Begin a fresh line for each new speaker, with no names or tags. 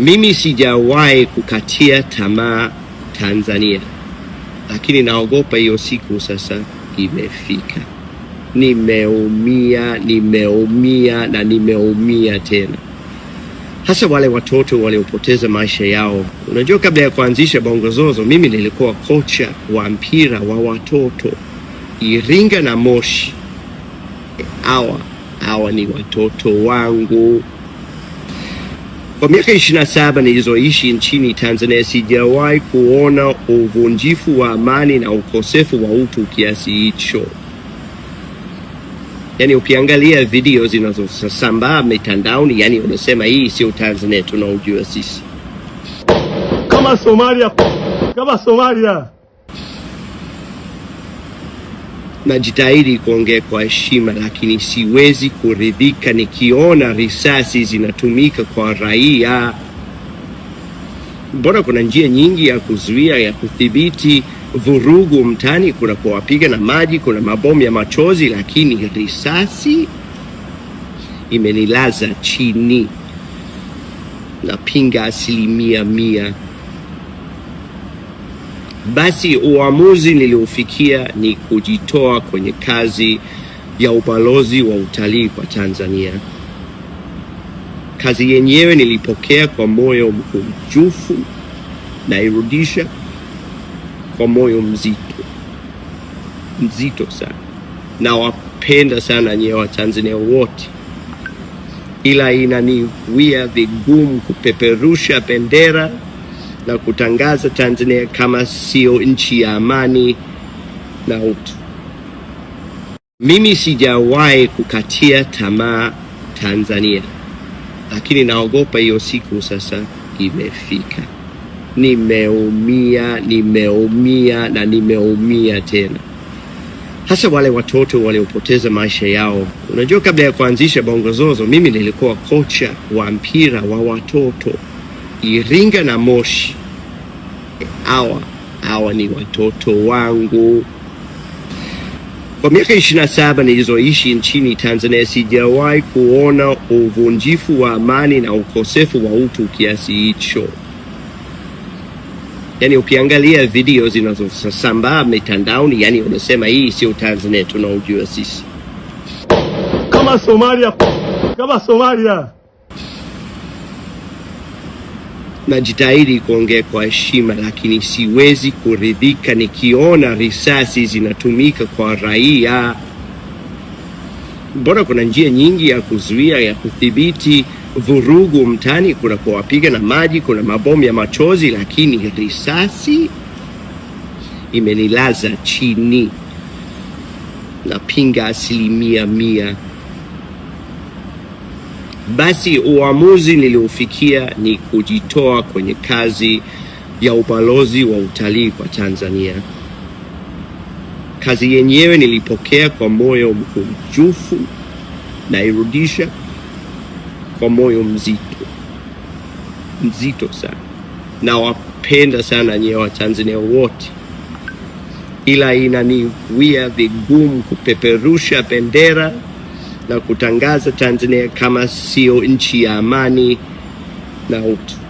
Mimi sijawahi kukatia tamaa Tanzania, lakini naogopa hiyo siku sasa imefika. Nimeumia, nimeumia na nimeumia tena, hasa wale watoto waliopoteza maisha yao. Unajua, kabla ya kuanzisha Bongozozo mimi nilikuwa kocha wa mpira wa watoto Iringa na Moshi. Hawa hawa ni watoto wangu. Kwa miaka 27 nilizoishi nchini Tanzania sijawahi kuona uvunjifu wa amani na ukosefu wa utu kiasi hicho. Yaani, ukiangalia video zinazosambaa mitandaoni, yani unasema hii sio Tanzania tunaojua sisi
kama Somalia, kama Somalia.
najitahidi kuongea kwa heshima, lakini siwezi kuridhika nikiona risasi zinatumika kwa raia. Mbona kuna njia nyingi ya kuzuia, ya kudhibiti vurugu mtani Kuna kuwapiga na maji, kuna mabomu ya machozi, lakini risasi imenilaza chini. Napinga asilimia mia. Basi uamuzi niliofikia ni kujitoa kwenye kazi ya ubalozi wa utalii kwa Tanzania. Kazi yenyewe nilipokea kwa moyo mkunjufu na irudisha kwa moyo mzito mzito sana. Nawapenda sana nyewe Watanzania wote, ila inaniwia vigumu kupeperusha bendera na kutangaza Tanzania kama sio nchi ya amani na utu. Mimi sijawahi kukatia tamaa Tanzania, lakini naogopa hiyo siku sasa imefika. Nimeumia, nimeumia na nimeumia tena, hasa wale watoto waliopoteza maisha yao. Unajua, kabla ya kuanzisha Bongozozo mimi nilikuwa kocha wa mpira wa watoto Iringa na Moshi hawa hawa ni watoto wangu. Kwa miaka 27 nilizoishi nchini Tanzania sijawahi kuona uvunjifu wa amani na ukosefu wa utu kiasi hicho. Yani, ukiangalia video zinazosambaa mitandaoni, yani unasema hii sio Tanzania tunaojua sisi
kama Somalia, kama Somalia
najitahidi kuongea kwa heshima, lakini siwezi kuridhika nikiona risasi zinatumika kwa raia. Mbona kuna njia nyingi ya kuzuia, ya kudhibiti vurugu mtani Kuna kuwapiga na maji, kuna mabomu ya machozi, lakini risasi imenilaza chini. Napinga asilimia mia. Basi uamuzi niliofikia ni kujitoa kwenye kazi ya ubalozi wa utalii kwa Tanzania. Kazi yenyewe nilipokea kwa moyo mkunjufu, nairudisha kwa moyo mzito mzito sana. Nawapenda sana nyewe Watanzania wote, ila inaniwia vigumu kupeperusha bendera na kutangaza Tanzania kama sio nchi ya amani na utu.